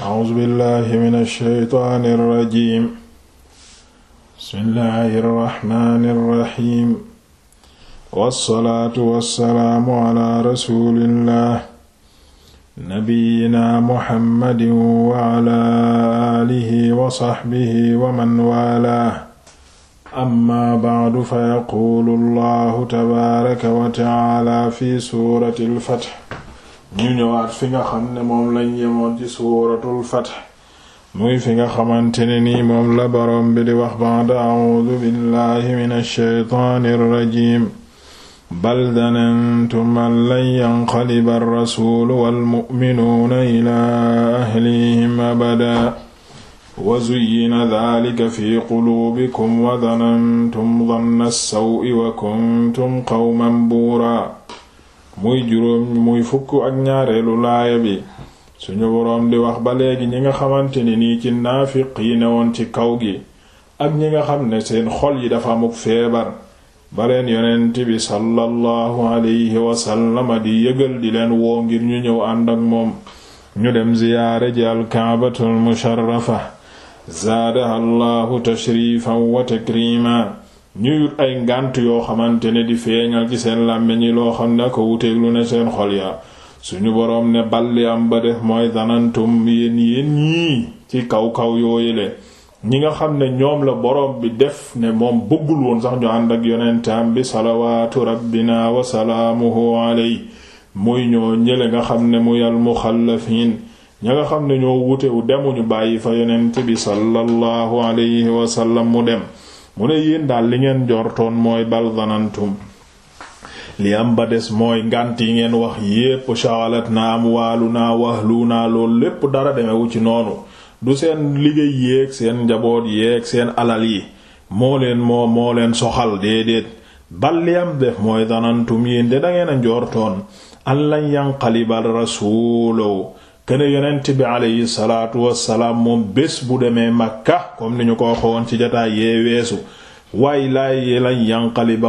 aus billahi min alsheytaan alrajim bismillahi alraxmaani alraxim wassalaatu wassalaamu ala rasulillah nabiyina muhammadin wa ala alihi wa saxbihi wa man waalaa amma bacdu fa yaquulu allahu tabaaraka wa tacaala fi suurati alfatx ñu ñëwaat fi nga xam ne moom lañ yemoon ci suuratul fath muy fi nga xamante ne nii moom la boroom bi di wax ba'da a'uudu billahi minash shaytaanir rajiim bal danantum an lan yanqaliba ar-rasuulu wal mu'minuuna ilaa ahlihim abada wa zuyyina dhalika fi quluubikum wa danantum dhanna as-saw'i wa kuntum qawman buuraa muy juróom muy fukk ak ñaareelu laaya bi suñu boroom di wax ba léegi ñi nga xamante ne nii ci naafiq yi newoon ci kaw gi ak ñi nga xam ne seen xol yi dafa amuk feebar ba leen yonent bi sallallahu alayhi wasallama di yëgal di leen woo ngir ñu ñëw ànd moom ñu dem ziyaare ji alkaabatul musharrafa zaadaha allahu tashrifan wa ñuy wut ay ngànt yoo xamante ne di feeñal ci seen làmmiñ yi loo xam ne ko wuteeg lu ne seen xol ya suñu boroom ne balli am ba def mooy danantum yéen yéen ñii ci kaw kaw yooyule ñi nga xam ne ñoom la boroom bi def ne moom bëggul woon sax ñu ànd ak yonentam bi salawaatu rabbina wa salaamuhu aley muy ñoo ñële nga xam ne muy almuxallafiin ña nga xam ne ñoo wutewu ñu bàyyi fa yonent bi sallallahu alayhi wa sallam mu dem mu ne yéen daal li ngeen jortoon mooy bal zanantum li am ba des mooy ngànt yi ngeen wax yépp shawalat na am waalu naa waxlu naa loolu lépp dara demewu ci noonu du seen liggéey yéeg seen njaboot yéeg seen alal yi moo leen moo moo leen soxal déedéet bal li am def mooy zanantum yéen de dangeen a njortoon an lan yanqalibal rasuuloo kene yonent bi aleyhi salaatu wassalaam moom bés bu demee Makka comme ni ñu ko waxoon ci jotaay yee weesu waaye laay lañ yanqali ba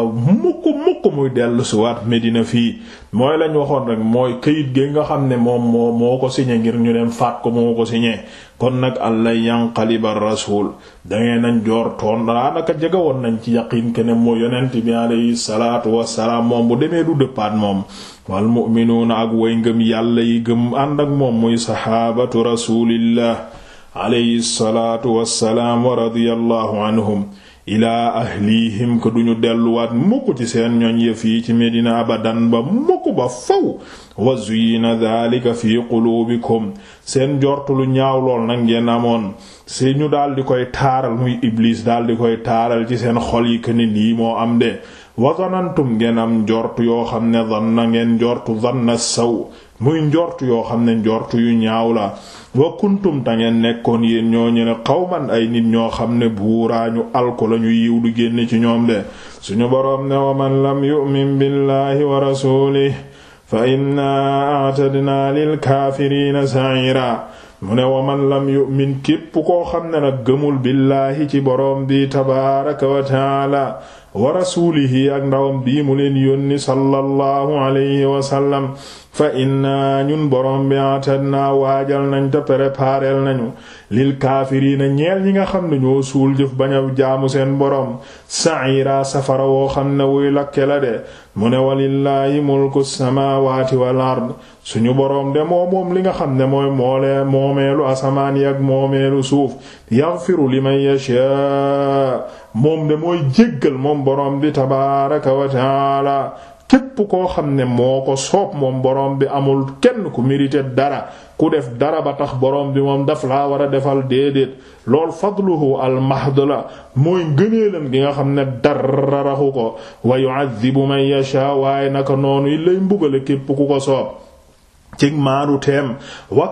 muy dellu si waat Medina fii mooy lañu waxoon rek mooy kayit gi nga xam ne moom moo moo ko signé ngir ñu dem faat ko moo ko siñee kon nag allah yanqaliba rasuul dangeen nañ joor toon daanaka jege woon nañ ci yaqiin ke ne moo yonent bi alayhi salaatu wassalaam moom bu demee du dëppaat moom wal mu'minuuna ak way ngëm yàlla yi gëm ànd ak moom muy saxaabatu rasulillah alayhi salaatu wassalaam wa radiyallahu anhum yi ahlihim ko duñu delluwaat mukk ci seen ñoñ yëf yi ci Medina abadan ba mukk ba faw wa zuyina dhalika fi qulubikum seen njort lu ñaaw lool nag ngeen amoon si ñu daal di koy taaral muy iblis daal di koy taaral ci seen xol yi këni lii moo am de wa zanantum ngeen am yoo xam ne zanna ngeen njortu zanna saw muy njort yoo xam ne njort yu ñaaw la wa kuntum ta ngeen nekkoon yéen ñoo ñu ne xawman ay nit ñoo xam ne buuraañu alko lañu yiw du génn ci ñoom de suñu boroom ne wa man lam yu'min billahi wa rasulihi fa inna a'tadna lil kaafiriina sa'ira mu ne man lam yu'min képp koo xam ne nag gëmul billaahi ci boroom bi tabaaraka wa taala wa rasuulihi ak ndawam bii mu leen yónni sallallahu alayhi wa sallam fa inna ñun borom bi atadna waajal nañ te préparel nañu lil kaafiriina ñeel ñi nga xam ne ñoo suul jëf bañ a jaamu seen borom sa'iira safara woo xam ne wuy lakke la de mu ne walillaahi mulku samaawaati wal ard suñu boroom li nga xam ne mooy moolee moomeelu asamaan yi ak moomeelu suuf yaghfiru liman yashaa moom de mooy jéggal moom boroom bi tabaaraka wa képp ko xam ne moo ko soob moom borom bi amul kenn ku mérité dara ku def dara ba tax borom bi moom daf la war a defal déedéet lool fadluhu almahd mooy ngëneelam gi nga xam ne dara ko wa yu'adhibu man yasha waaye naka noonu yi lay mbugale képp ku ko soob cig maanu teem wa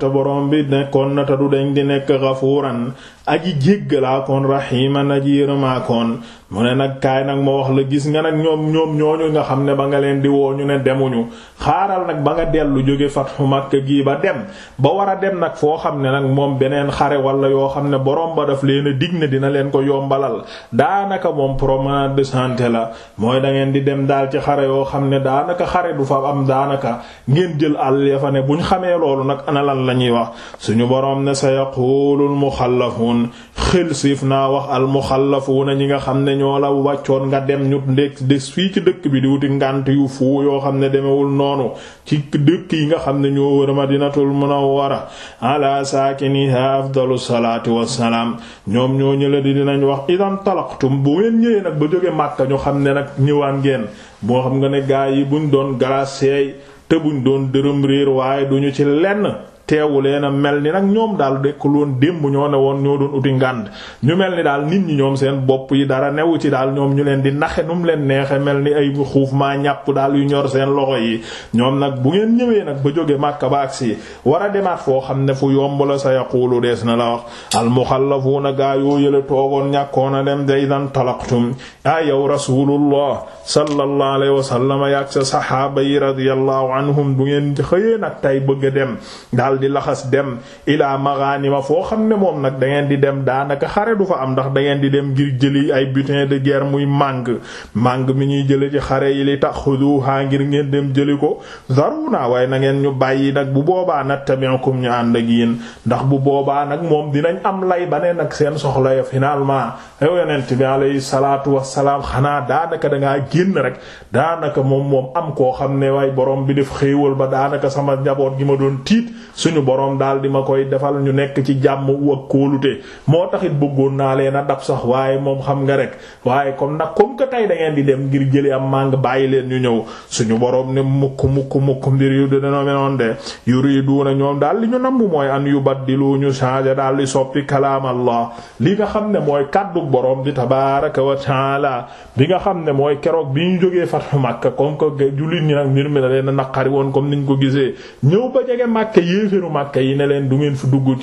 te borom bi nekkoon na du deñ di nekk gafuuran aji jéggalaakoon na aji yërëmaakoon mu ne nag kaay nag ma wax la gis nga nag ñoom ñoom ñooñu nga xam ne ba nga leen di woo ñu ne demuñu xaaral nag ba nga dellu jóge fatxu Makka gii ba dem ba war a dem nag foo xam ne nag moom beneen xare wala yoo xam ne borom ba daf leen digg na dina leen ko yombalal daanaka moom promenade de santé la mooy da ngeen di dem daal ci xare yoo xam ne daanaka xare du fa am daanaka ngeen jël àll ya fa ne buñ xamee loolu nag ana la ñuy wax suñu borom ne sayaqulul muxallafun ya'lamuun xel siif naa wax almuxallafuuna ñi nga xam ne ñoo la wàccoon nga dem ñu ndekk des fii ci dëkk bi di wuti ngànt yu fu yoo xam ne demewul noonu ci dëkk yi nga xam ne ñoo wër madinatul munawwara ala saakiniha afdalu salaati wassalaam ñoom ñoo ñëla di dinañ wax idam talaqtum bu ngeen ñëwee nag ba jóge Màkka ñu xam ne nag ñëwaan ngeen boo xam nga ne gaa yi buñ doon galaas seey te buñ doon dërëm réer waaye duñu ci lenn teewu leen a mel ni nag ñoom daal dekk loon démb ñoo ne woon ñoo doon uti ngànd ñu mel ni daal nit ñi ñoom seen bopp yi dara newu ci daal ñoom ñu leen di naxe nu leen neexe mel ni ay xuuf maa ñàpp daal yu ñor seen loxo yi ñoom nag bu ngeen ñëwee nag ba jóge màkk ba si war a demaat foo xam ne fu yomb la sa yaqulu dees na la wax al muxallafuuna gaa yoo yële toogoon ñàkkoon a dem day dan talaqtum aa yow rasulullah sallallahu alayhi wasallam yaak sa sahaaba yi radiyallahu anhum bu ngeen xëyee nag tay bëgg a dal di laxas dem ilaa ma foo xam ne moom nag dangeen di dem daanaka xare du fa am ndax dangeen di dem ngir jëli ay butin de guerre muy màng màng mi ñuy jële ci xare yi li tax xuduha ngir ngeen dem jëli ko zaruna waaye nangeen ñu bàyyi nag bu boobaa nattabi'ukum ñu ànd ak yéen ndax bu boobaa nag moom dinañ am lay ba ne nag seen soxla ya finalement yow yonent bi alayhi salaatu wassalaam xanaa daanaka dangaa génn rek daanaka moom moom am koo xam ne waaye borom bi def ba daanaka sama njaboot gi ma doon suñu boroom daal di ma koy defal ñu nekk ci jàmm ak kóolute moo taxit bëggoon naa leen a dab sax waaye moom xam nga rek waaye comme nag comme tey da ngeen dem ngir jëli am màng bàyyi leen ñu ñëw suñu boroom ne mukk mukk mukk mbir yu dina menoon de yuriduna ñoom daal li ñu nambu mooy an yu baddilu ñu changer daal di soppi kalaam allah nga xam ne mooy kàddu boroom di tabaaraka wa taala bi nga xam ne mooy keroog bi ñu jógee fathu Makka comme que jullit ñi mi la leen naqari woon comme niñ ko gisee ñëw ba jege Makka yéeféru Makka yi ne leen du ngeen fi boo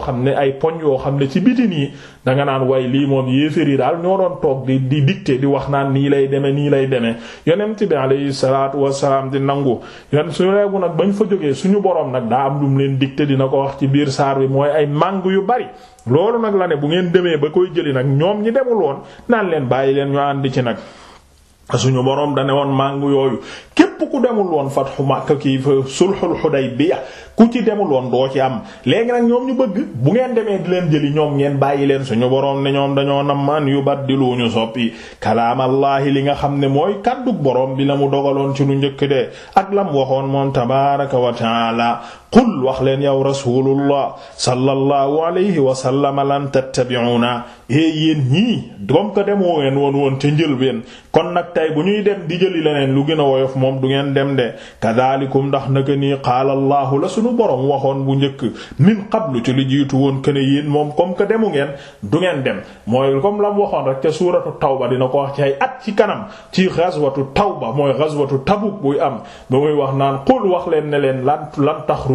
xam ne ay yoo xam ne ci biti nii danga naan way lii moom yéefér yi di di dicté di wax naan nii lay demee nii lay demee yonent di nangu yon su leegu nag bañ fa jógee suñu boroom nag daa am lum leen dicté dina ko wax ci biir saar bi mooy ay màng yu bari loolu nag la ne bu ngeen demee ba koy jëli nag ñoom ñi demul woon naan leen bàyyi leen ñu ànd ci nag suñu boroom dane woon màngu yooyu képp ku demul woon fatxu Makka ki sulxul Xudaybiya ku ci demul woon doo ci am léegi nag ñoom ñu bëgg bu ngeen demee di leen jëli ñoom ngeen bàyyi leen suñu boroom ne ñoom dañoo nam man yu baddilu ñu soppi kalaamallaahi li nga xam ne mooy kàddug boroom bi la mu dogaloon ci ñu njëkk de ak la mu waxoon moom tabaaraka wa taala qul wax leen yow rasulullah sallallahu alayhi wa sallam lan tattabi'una ee eh yéen ñii doom ko demoo ngeen woon woon ca njëlbeen kon nag tey bu ñuy dem di jëli leneen lu gën a woyof moom du ngeen dem de kadhalikum ndax naka nii qaala allahu la sunu borom waxoon bu njëkk min qablu ci lu jiitu woon que ne yéen moom comme que demu ngeen du ngeen dem mooy comme lam waxoon rek ca suuratu tawba dina ko wax ci ay at ci kanam ci ghazwatu tawba mooy ghazwatu tabuk ba muy wax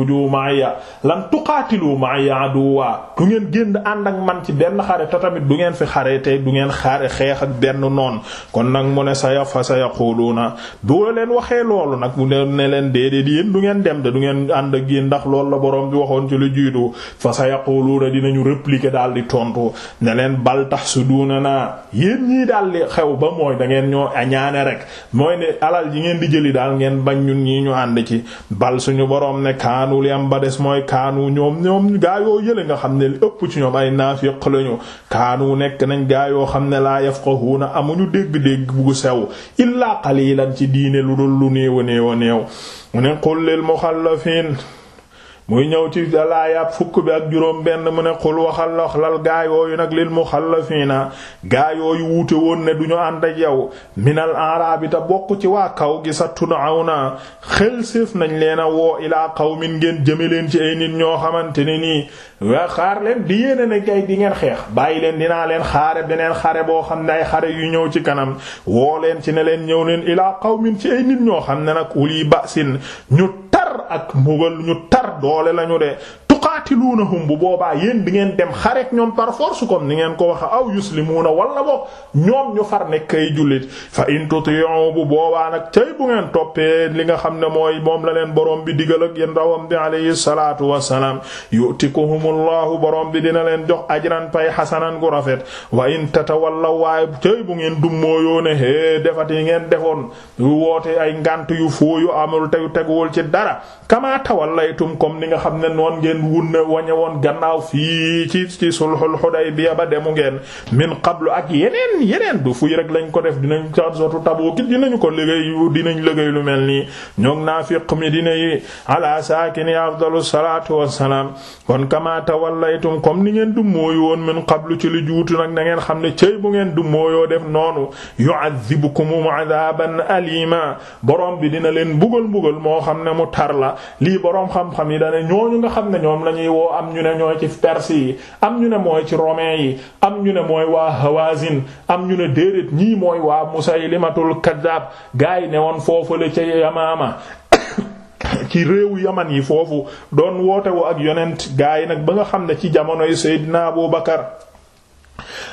taxruju ma'iya lan tuqaatilu ma'iya aduwa du ngeen génn ànd ak man ci benn xare te tamit du ngeen fi xare tey du ngeen xare xeex ak benn noon kon nag mu ne sa ya fa sa yaquluuna doo leen waxee loolu nag bu leen ne leen de yéen du ngeen dem te du ngeen ànd ak yéen ndax loolu la boroom bi waxoon ci lu jiitu fa sa yaquluuna dinañu répliquer daal di tontu ne leen bal tahsuduuna naa yéen ñii daal di xew ba mooy da ngeen ñoo añaane rek mooy ne alal yi ngeen di jëli ñu ànd ci teewul yam ba des mooy kaanu ñoom ñoom gaa yoo yële nga xam ne li ëpp ci ñoom ay naafiq lañu kaanu nekk nañ gaa yoo xam ne laa yafqahuna amuñu dégg-dégg bu sew illaa qalilan ci diine lu dul lu néew a néew a néew mu ne qul lil muy ñëw ci laayaab fukk bi ak juróom benn mu ne xul waxal wax lal gaa yooyu nag lil muxallafiina gaa yooyu wuute woon ne duñu ànd ak yow minal aaraab bokk ci waa kaw gi sa tunawna xel séef nañ leen a woo ilaa qawmin ngeen jëme leen ci ay nit ñoo xamante ni nii waa xaar leen di yéene ne gay di ngeen xeex bàyyi leen dinaa leen xaare beneen xare boo xam ne ay xare yu ñëw ci kanam woo leen ci ne leen ñëw leen ilaa qawmin ci ay nit ñoo xam ne nag uli ba'sin ak mbugal ñu tar doole lañu de tuqaatiluunahum bu boobaa yéen bi ngeen dem xareek ñoom par force comme ni ngeen ko waxe aw yuslimuuna wala boog ñoom ñu far nekk ay jullit fa in tuti'u bu boobaa nag tey bu ngeen toppee li nga xam ne mooy moom la leen borom bi digal ak yéen rawam bi alayhi salaatu wassalaam yu'tikuhumullahu borom bi dina leen jox ajran pay xasanan gu rafet wa in tatawallaw waaye tey bu ngeen dummóoyoo ne hee defat yi ngeen defoon yu woote ay ngant yu fooyu amul tey teguwul ci dara kama tawallaytum comme ni ne noon de wañe woon gannaaw fii ci ci sulhul Hudaybiya ba demu ngeen min qablu ak yeneen yeneen du fuy rek lañ ko def dinañ carsotu Tabuuk ko liggéey dinañ liggéey lu mel nii ñoog naafiq mi dina yi ala saakini afdalu salaatu wassalaam kon kama tawallaytum comme ni ngeen dumoo mooyu woon min qablu ci li juutu nag na ngeen xam ne cëy bu ngeen du mooyoo def noonu yu'adhibukum adaban alima borom bi dina leen bugal bugal moo xam ne mu tar la lii borom xam-xam yi dane ñooñu nga xam ne woo am ñu ne ñooy ci perse yi am ñu ne mooy ci romain yi am ñu ne mooy waa hawazin am ñu ne déedéet ñii mooy waa musaylimatul kaddaab gaa yi ne woon foofu la ca yamaama ci réewu yaman yi foofu doon woote wo ak yonent gaa yi nag ba nga xam ne ci jamonoy Seydina Abu Bakar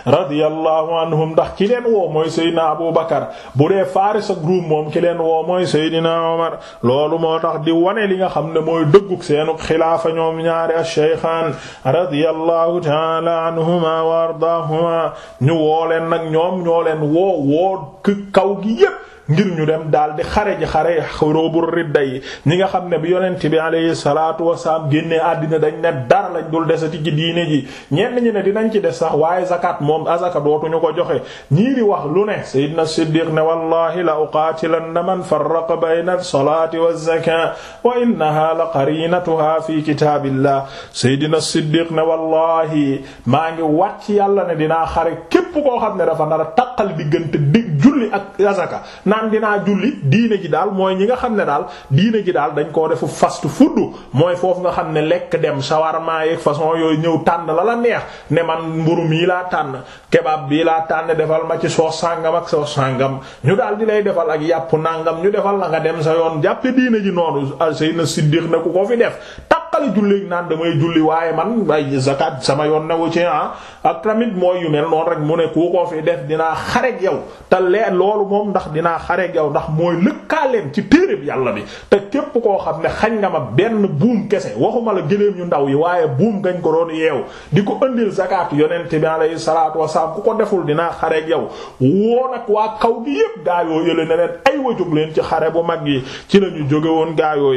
radiyallahu anhum ndax ki leen woo mooy Seydina Abu Bakar bu dee Faris ak Ruum moom ki leen woo mooy Seydina Omar loolu moo tax di wane li nga xam ne mooy dëggug seenug xilaafa ñoom ñaari ash-shaykhaan radiyallahu ta'ala anhuma wa ardaahuma ñu woo leen nag ñoom ñoo leen woo woo kaw gi yépp ngir ñu dem daal di xare ji xare xoroobul ridda yi ñi nga xam ne bi yonent bi alayhi salaatu wasalaam génnee àddina dañ ne dara lañ dul desati ci diine ji ñenn ñi ne dinañ ci des sax waaye zakat moom azaka dootuñu ko joxe ñii di wax lu ne sayyidna siddiq ne wallahi la uqaatilanna man farraqa bayna as-salaati waz-zakaa wa innaha la qarinatuha fi kitaabillah sayyidna siddiq ne wallahi maa ngi wàcc yàlla ne dinaa xare képp koo xam ne dafa nar a taqal diggante digg julli ak azaka naan dinaa julli diine ji daal mooy ñi nga xam ne daal diine ji daal dañ koo defu fast food mooy foofu nga xam ne lekk dem shawarma yeeg façon yooyu ñëw tànn la la neex ne man mburu mii laa tànn kebab bii laa tànn defal ma ci soos sàngam ak soos sàngam ñu daal di lay defal ak yàpp nàngam ñu defal na nga dem sa yoon jàppe diine ji noonu ah, Seydina Siddiq ne ku ko fi def tàqale julleek naan damay julli waaye man ay zakat sama yoon newu ci ah ak tamit mooy yu mel noonu rek mu ne ku ko fi def dinaa xareeg yow te lee loolu moom ndax dinaa xareeg yow ndax mooy lëkkaaleem ci téeréb yàlla bi te képp koo xam ne xañ nga ma benn buum kese waxuma la gëléem yu ndaw yi waaye buum gañ ko doon yeew di ko ëndil zakat yonent bi alayhi salaatu wasalaam ku ko deful dinaa xareeg yow woo nag waa kaw gi yépp gaayoo yële ne ay wa jóg leen ci xare bu mag yi ci lañu jóge woon gaayoo